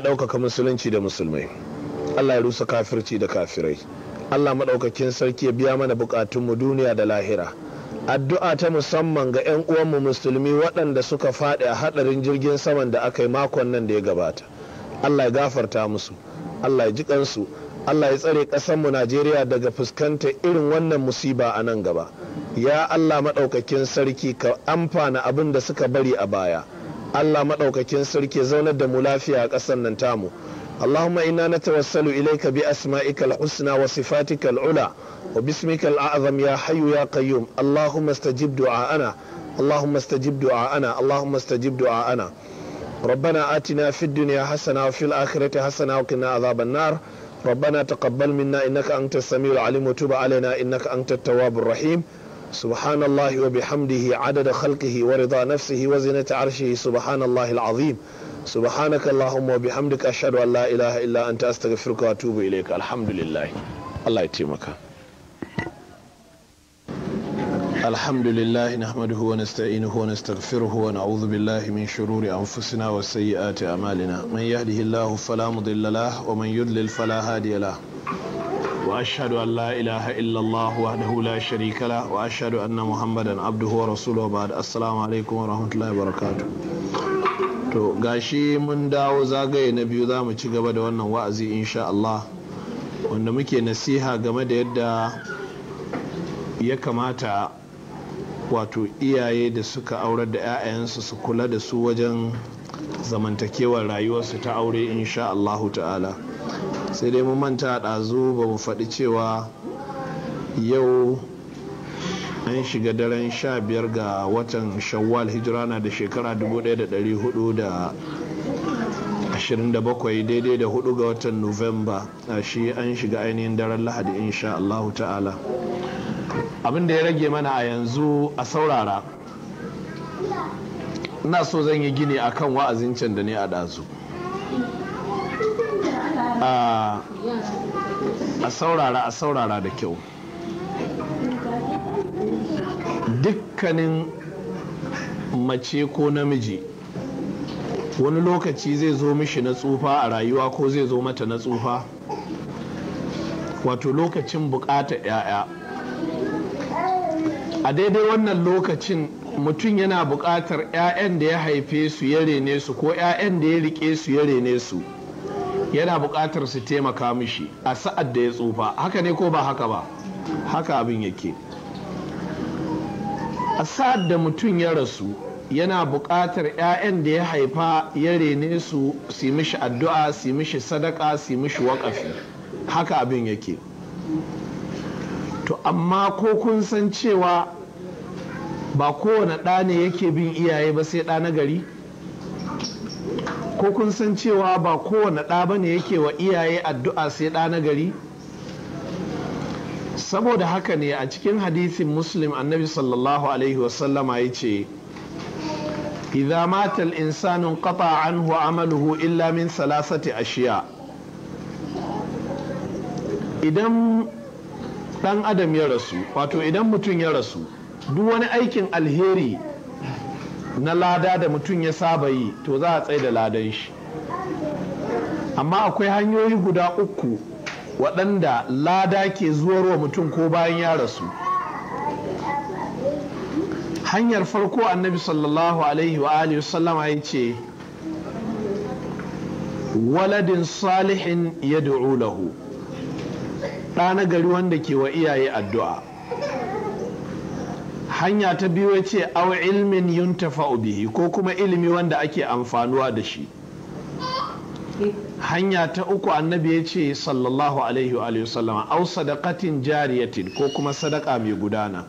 ya ɗaukaka musulunci da musulmai allah ya rusa kafirci da kafirai allah maɗaukakin sarki ya biya mana buƙatunmu duniya da lahira addu'a ta musamman ga 'yan uwanmu musulmi waɗanda suka faɗi a haɗarin jirgin saman da aka yi makon nan da ya gabata allah ya gafarta musu allah ya ji kansu allah ya tsare ƙasanmu najeriya daga fuskantar irin wannan musiba a nan gaba ya allah maɗaukakin sarki ka amfana abin da suka bari a baya Allah maɗaukakin sarki zaunar da mu lafiya a ƙasar nan tamu. Allahumma inna na tawassalu ilaika bi asma'ikal al-husna wa sifatika al-ula wa bismika al-azam ya hayyu ya qayyum. Allahumma stajib du'a'ana. Allahumma stajib du'a'ana. Allahumma stajib du'a'ana. ربنا آتنا في الدنيا حسنة وفي الآخرة حسنة وقنا عذاب النار ربنا تقبل منا إنك أنت السميع العليم وتوب علينا إنك أنت التواب الرحيم سبحان الله وبحمده عدد خلقه ورضا نفسه وزنة عرشه سبحان الله العظيم سبحانك اللهم وبحمدك أشهد أن لا إله إلا أنت أستغفرك وأتوب إليك الحمد لله الله يتيمك الحمد لله نحمده ونستعينه ونستغفره ونعوذ بالله من شرور أنفسنا وسيئات أعمالنا من يهده الله فلا مضل له ومن يضلل فلا هادي له واشهد ان لا اله الا الله وحده لا شريك له واشهد ان محمدا عبده ورسوله بعد السلام عليكم ورحمه الله وبركاته to gashi mun dawo zagaye na biyu za mu ci gaba da wannan wa'azi insha Allah wanda muke nasiha game da yadda ya kamata wato iyaye da suka aurar da 'ya'yansu su kula da su wajen zamantakewar rayuwarsu ta aure insha Allahu ta'ala sai dai mun manta ɗazu ba mu faɗi cewa yau an shiga daren sha biyar ga watan shawwal hijira na da shekara 1427 daidai da 4 ga watan novemba a shi an shiga ainihin daren lahadi insha Allah ta'ala abin da ya rage mana a yanzu a saurara na so zan yi gini akan wa'azin can da ne a ɗazu a saurara a saurara da kyau dukkanin mace ko namiji wani lokaci zai zo mishi na tsufa a rayuwa ko zai zo mata na tsufa wato lokacin bukata 'ya'ya a daidai wannan lokacin mutum yana bukatar 'ya'yan da ya haife su ya rene su ko 'ya'yan da ya rike su ya rene su yana buƙatar su taimaka mishi a sa'ad da ya tsufa haka ne ko ba haka ba haka abin yake a sa'ad da mutum ya rasu yana buƙatar 'ya'yan da ya haifa ya rene su su mishi addu'a su mishi sadaka su mishi waƙafi haka abin yake to amma ko kun san cewa ba kowane ɗa ne yake bin iyaye ba sai ɗa na gari ko kun san cewa ba kowane ɗa ba ne yake wa iyaye addu'a sai ɗa na gari saboda haka ne a cikin hadisin muslim annabi sallallahu alaihi wasallama ya ce idza mata al-insanu qata anhu amaluhu illa min salasati ashiya idan dan adam ya rasu wato idan mutum ya rasu duk wani aikin alheri na lada da mutum ya saba yi to za a tsaye da ladan shi amma akwai hanyoyi guda uku waɗanda lada ke zuwar wa mutum ko bayan ya rasu hanyar farko annabi sallallahu alaihi wa alihi sallama ya ce waladin salihin ya lahu ɗa na gari wanda ke wa iyaye addu'a hanya ta biyu ya ce au ilmin yuntafa bihi ko kuma ilimi wanda ake amfanuwa da shi hanya ta uku annabi ya ce sallallahu alaihi wa sallama au sadaqatin jariyatin ko kuma sadaka mai gudana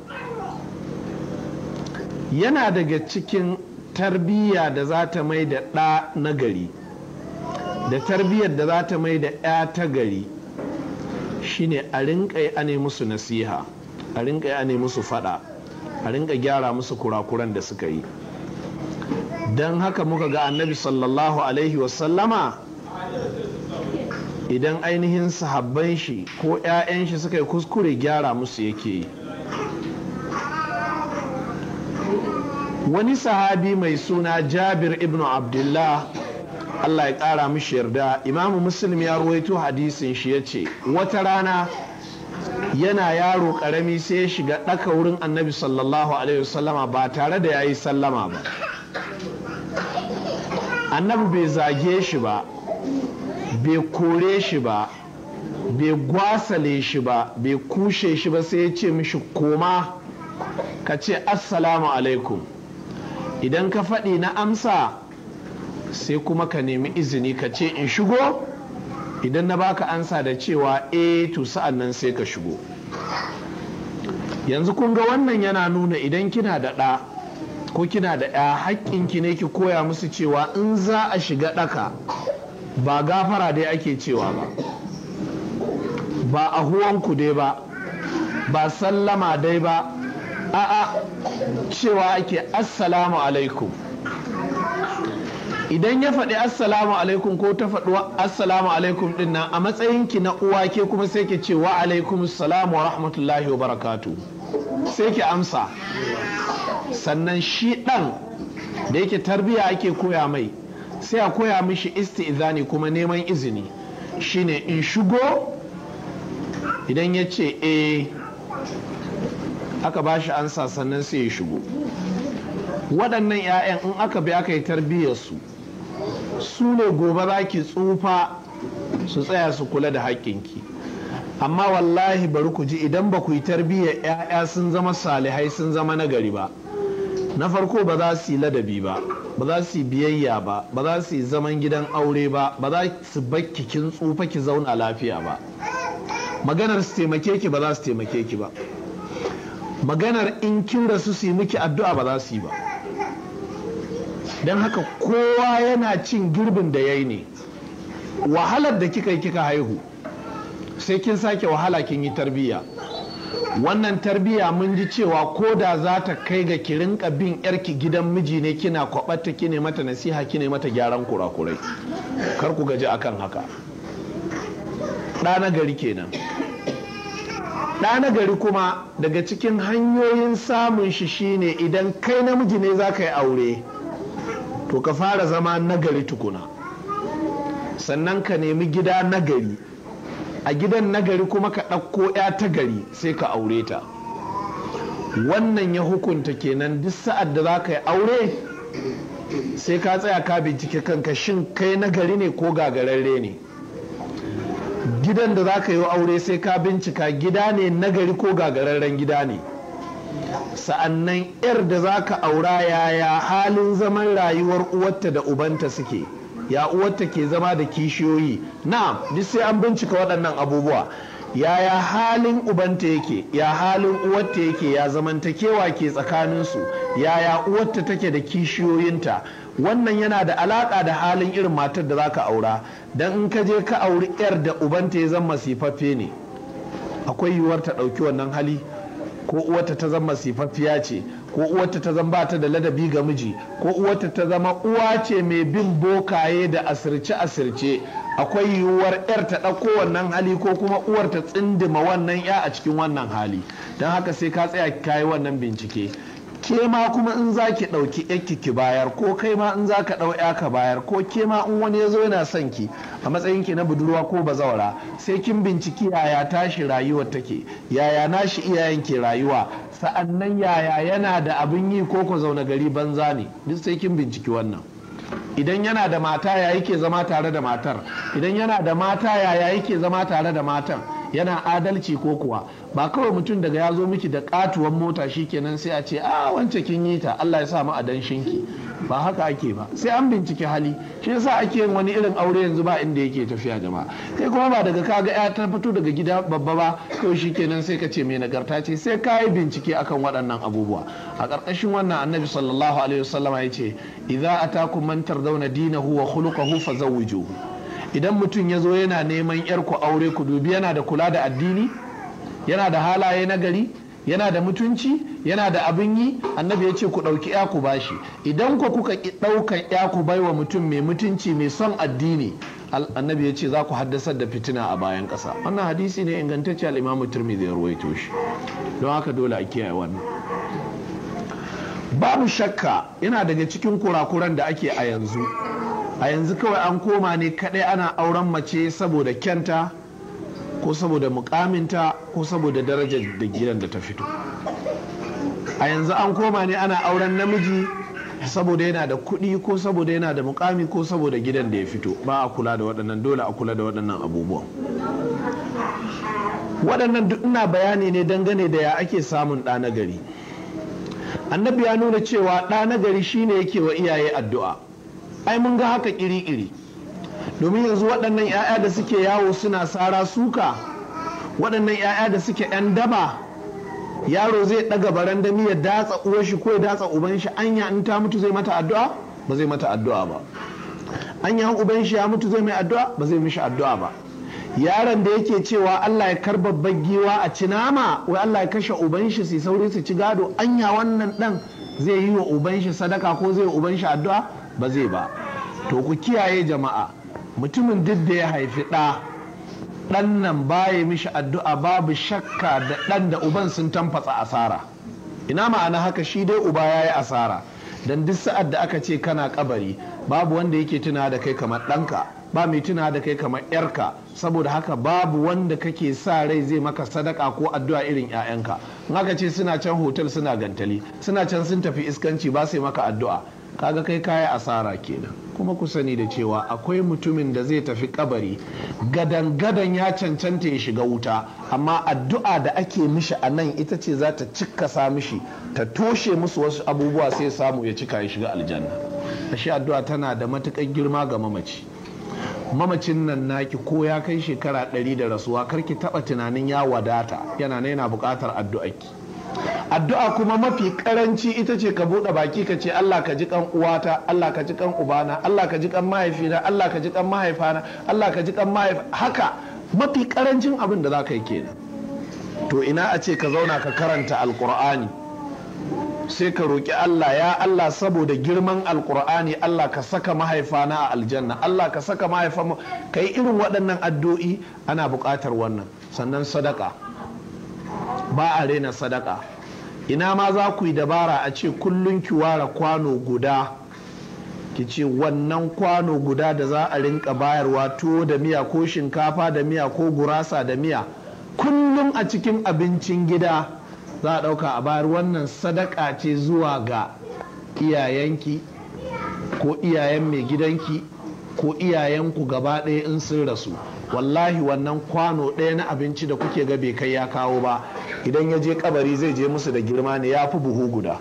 yana daga cikin tarbiyya da za ta mai da ɗa na gari da tarbiyyar da za ta mai da ɗa ta gari shine a rinƙai ane musu nasiha a rinƙai ane musu faɗa a ringa gyara musu kurakuran da suka yi don haka muka ga annabi sallallahu alaihi wasallama idan ainihin sahabban shi ko 'ya'yan shi suka yi kuskure gyara musu yake yi wani sahabi mai suna jabir ibn abdullah allah ya ƙara mishi yarda imamu muslim ya ruwaito hadisin shi ya ce wata rana yana yaro karami sai ya shiga ɗaka wurin annabi sallallahu alaihi wasallama ba tare da ya yi sallama ba annabi bai zage shi ba bai kore shi ba bai gwasale shi ba bai kushe shi ba sai ya ce mishi koma ka ce assalamu alaikum idan ka faɗi na amsa sai kuma ka nemi izini ka ce in shigo idan na baka ansa da cewa eh to sa'an nan sai ka shigo yanzu kun ga wannan yana nuna idan kina da ɗa ko kina da ya haƙƙinki ne ki koya musu cewa in za a shiga ɗaka ba gafara dai ake cewa ba ba a huwanku dai ba ba sallama dai ba a'a cewa ake assalamu alaikum idan ya faɗi assalamu alaikum ko ta faɗi assalamu alaikum din nan a ki na uwa ke kuma sai ki ce wa alaikum salamu wa rahmatullahi wa barakatu sai ki amsa sannan shi ɗan da yake tarbiya ake koya mai sai a koya mishi isti'izani kuma neman izini shine in shigo idan ya ce eh aka ba shi ansa sannan sai ya shigo waɗannan 'ya'yan in aka bi aka yi tarbiyyarsu su ne gobe za ki tsufa su tsaya su kula da haƙƙinki amma wallahi bari ku ji idan ba ku yi tarbiya 'ya'ya sun zama salihai sun zama nagari ba na farko ba za su yi ladabi ba ba za su yi biyayya ba ba za su yi zaman gidan aure ba ba za su bakki kin tsufa ki zauna lafiya ba maganar su taimake ki ba za su taimake ki ba maganar in kin rasu su yi miki addu'a ba za su yi ba don haka kowa yana cin girbin da ya yi ne wahalar da kika yi kika haihu sai kin sake wahala kin yi tarbiyya wannan tarbiyya mun ji cewa ko da za ta kai ga ki rinka bin yarki gidan miji ne kina kwabatta kine mata nasiha kine mata gyaran kurakurai kar ku gaji akan haka ɗana gari kenan ɗa gari kuma daga cikin hanyoyin samun shi shine idan kai namiji ne za ka yi aure to ka fara zama nagari tukuna sannan ka nemi gida nagari a gidan nagari kuma ka ɗauko 'ya ta gari sai ka aure ta wannan ya hukunta kenan duk sa'ad da za ka yi aure sai ka tsaya ka bincike kanka shin kai nagari ne ko gagararre ne gidan da za ka yi aure sai ka bincika gida ne nagari ko gagararren gida ne sa'annan yar da za ka aura yaya halin zaman rayuwar uwarta da ubanta suke ya uwarta ke zama da kishiyoyi na'am duk sai an bincika waɗannan abubuwa yaya halin ubanta yake ya halin uwarta yake ya zamantakewa ke tsakaninsu yaya uwarta take da kishiyoyinta wannan yana da alaƙa da halin irin matar da za ka aura don in ka je ka auri 'yar da ubanta ya zama masifaffe ne akwai yiwuwar ta ɗauki wannan hali ko uwarta ta zama sifaffiya ce ko uwarta ta zama bata da ladabi ga miji ko uwarta ta zama uwa ce mai bin bokaye da asirce asirce akwai yiwuwar yar ta ɗauko wannan hali ko kuma uwar ta tsindima wannan ya a cikin wannan hali don haka sai ka tsaya kayi wannan bincike ke ma kuma in za ki ɗauki yakki ki bayar ko kai ma in za ka ɗau ka bayar ko ke ma in wani ya zo yana son ki a matsayin ki na budurwa ko bazawara sai kin binciki yaya tashi rayuwar take yaya nashi iyayen ke rayuwa sa'annan yaya yana da abin yi ko ku zauna gari banza ne duk sai kin binciki wannan idan yana da mata yaya yake zama tare da matar idan yana da mata yaya yake zama tare da matan yana adalci ko kuwa ba kawai mutum daga ya zo miki da katuwan mota shikenan sai a ce a ah, wance kin yi ta Allah ya sa mu a danshinki ba haka ake ba sai an bincike hali shi yasa ake yin wani irin aure yanzu ba inda yake tafiya jama'a kai kuma ba daga kaga ya ta fito daga gida babba ba to shikenan sai ka ce mai nagarta ce sai ka yi bincike akan waɗannan abubuwa a ƙarƙashin wannan annabi sallallahu alaihi wasallama ya ce idza atakum man tardawna dinahu wa khuluquhu fazawwijuhu idan mutum ya zo yana neman yar ku aure ku dubi yana da kula da addini yana da halaye na gari yana da mutunci yana da abin yi annabi ya ce ku ɗauki ya ku bashi idan ku kuka ɗaukan ya ku bai wa mutum mai mutunci mai son addini annabi ya ce za ku haddasar da fitina a bayan ƙasa wannan hadisi ne ingantacce al'imamu turmi zai ruwaito shi don haka dole a kiyaye wannan babu shakka yana daga cikin kurakuran da ake a yanzu a yanzu kawai an koma ne kadai ana auren mace saboda kyanta ko saboda mukaminta ko saboda darajar da gidan da ta fito a yanzu an koma ne ana auren namiji saboda yana da kuɗi ko saboda yana da mukami ko saboda gidan da ya fito ba a kula da waɗannan dole a kula da waɗannan abubuwan waɗannan duk ina bayani ne dangane da ya ake samun ɗa nagari annabi ya nuna cewa ɗa nagari shine yake wa iyaye addu'a ai mun ga haka iri-iri domin yanzu waɗannan 'ya'ya da suke yawo suna sara suka waɗannan 'ya'ya da suke 'yan daba yaro zai ɗaga barandami ya datsa uwashi shi ko ya datsa uban shi anya in ta mutu zai mata addu'a ba zai mata addu'a ba anya uban shi ya mutu zai mai addu'a ba zai mishi addu'a ba yaron da yake cewa Allah ya karbabbar giwa a cinama wai Allah ya kashe uban shi sai sauri su ci gado anya wannan dan zai yi wa uban shi sadaka ko zai uban shi addu'a ba zai ba to ku kiyaye jama'a mutumin duk da ya haifi ɗa ɗan nan baya mishi addu'a babu shakka da ɗan da uban sun tamfatsa asara ina ma'ana haka shi dai uba ya yi asara don duk sa'ad da aka ce kana kabari babu wanda yake tuna da kai kamar ɗanka ba mai tuna da kai kamar yarka saboda haka babu wanda kake sa rai zai maka sadaka ko addu'a irin 'ya'yanka in aka ce suna can hotel suna gantali suna can sun tafi iskanci ba sai maka addu'a kaga kai kayi asara kenan kuma ku sani da cewa akwai mutumin da zai tafi kabari gadan gadan ya cancanta ya shiga wuta amma addu'a da ake mishi a nan ita ce za ta sa mishi ta toshe musu wasu abubuwa sai samu ya cika ya shiga aljanna ashe addu'a tana da matukar girma ga mamaci mamacin nan naki ko ya kai shekara ɗari da rasuwa karki taɓa tunanin ya wadata yana na yana buƙatar addu'arki addu'a kuma mafi karanci ita ce ka buɗe baki ka ce Allah ka ji kan uwata Allah ka ji kan ubana Allah ka ji kan mahaifina Allah ka ji kan mahaifana Allah ka ji kan mahaif haka mafi karancin abin da za ka yi kenan to ina a ce ka zauna ka karanta alkur'ani sai ka roƙi Allah ya Allah saboda girman alkur'ani Allah ka saka mahaifana a aljanna Allah ka saka mahaifan ka yi irin waɗannan addu'i ana buƙatar wannan sannan sadaka ba a rena sadaka ina ma za ku yi dabara a ce kullum ki ware kwano guda ki ce wannan kwano guda da za a rinka bayarwa tuwo da miya ko shinkafa da miya ko gurasa da miya kullum a cikin abincin gida za a ɗauka a bayar wannan sadaka ce zuwa ga iyayenki ko iyayen mai gidanki ko iyayenku gaba ɗaya in sun rasu wallahi wannan kwano ɗaya na abinci da kuke ga bai kai ya kawo ba idan ya je kabari zai je musu da girma ne ya fi buhu guda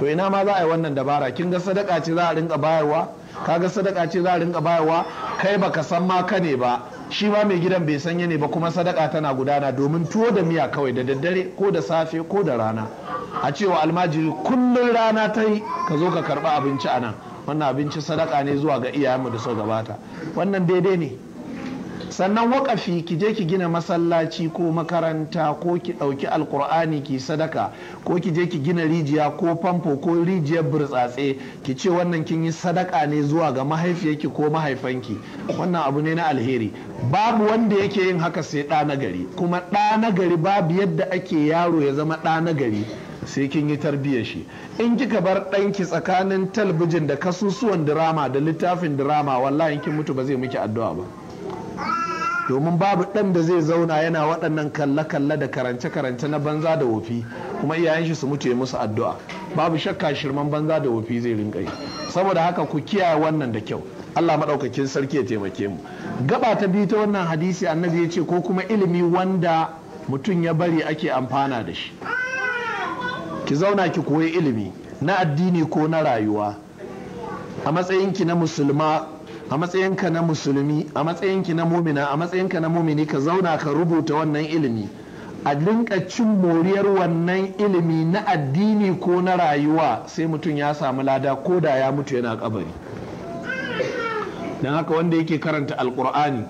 to ina ma za a yi wannan dabara kin ga sadaka ce za a rinka bayarwa kaga sadaka ce za a rinka bayarwa kai baka san ma ka ne ba shi ma mai gidan bai sanya ne ba kuma sadaka tana gudana domin tuwo da miya kawai da daddare ko da safe ko da rana a cewa almajiri kullum rana ta yi ka zo ka karba abinci a nan wannan abinci sadaka ne zuwa ga iyayenmu da suka gabata wannan daidai ne sannan waƙafi ki je ki gina masallaci ko makaranta ko ki ɗauki alkur'ani ki sadaka ko ki je ki gina rijiya ko famfo ko rijiyar burtsatse ki ce wannan kin yi sadaka ne zuwa ga mahaifiyarki ko mahaifanki wannan abu ne na alheri babu wanda yake yin haka sai ɗa na gari kuma ɗa na gari babu yadda ake yaro ya zama ɗa na gari sai kin yi tarbiyyar shi in kika bar ɗanki tsakanin talbijin da kasusuwan dirama da littafin dirama wallahi kin mutu ba zai miki addu'a ba domin babu ɗan da zai zauna yana waɗannan kalle-kalle da karance-karance na banza da wofi kuma iyayen shi su mutu ya musu addu'a babu shakka shirman banza da wofi zai rinka yi saboda haka ku kiyaye wannan da kyau Allah maɗaukakin sarki ya taimake mu gaba ta biyu ta wannan hadisi annabi ya ce ko kuma ilimi wanda mutum ya bari ake amfana da shi ki zauna ki koyi ilimi na addini ko na rayuwa a matsayinki na musulma a matsayinka na musulmi a matsayinki na mumina a matsayinka na mumini ka zauna ka rubuta wannan ilimi a dinka cin moriyar wannan ilimi na addini ko na rayuwa sai mutum ya samu lada ko da ya mutu yana kabari don haka wanda yake karanta alkur'ani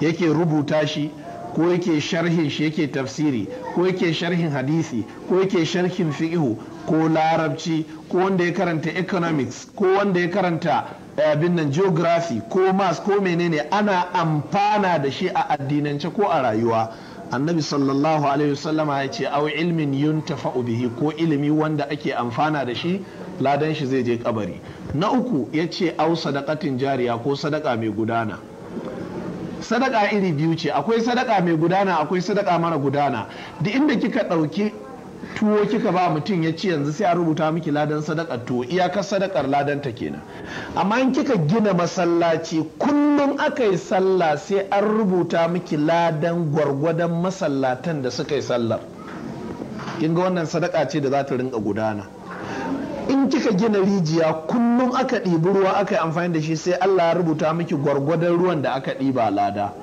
yake rubuta shi ko yake sharhin shi yake tafsiri ko yake sharhin hadisi ko yake sharhin fi'ihu ko larabci ko wanda ya karanta economics ko wanda ya karanta Eh, abin nan geography ko mas ko menene ana amfana da shi a addinance ko a rayuwa annabi sallallahu alaihi wasallama ya ce au ilmin yuntafa'u bihi ko ilimi wanda ake amfana da shi ladan shi zai je kabari na uku ya ce au sadakatin jariya ko sadaka mai gudana sadaka iri biyu ce akwai sadaka mai gudana akwai sadaka mara gudana da inda kika ɗauki tuwo kika ba mutum ya ce yanzu sai a rubuta miki ladan sadakar tuwo iyakar sadakar ladan ta kenan amma in kika gina masallaci kullum aka yi sallah sai an rubuta miki ladan gwargwadon masallatan da suka yi sallar kin ga wannan sadaka ce da za ta rinka gudana in kika gina rijiya kullum aka ɗibi ruwa aka yi amfani da shi sai Allah ya rubuta miki gwargwadon ruwan da aka ɗiba lada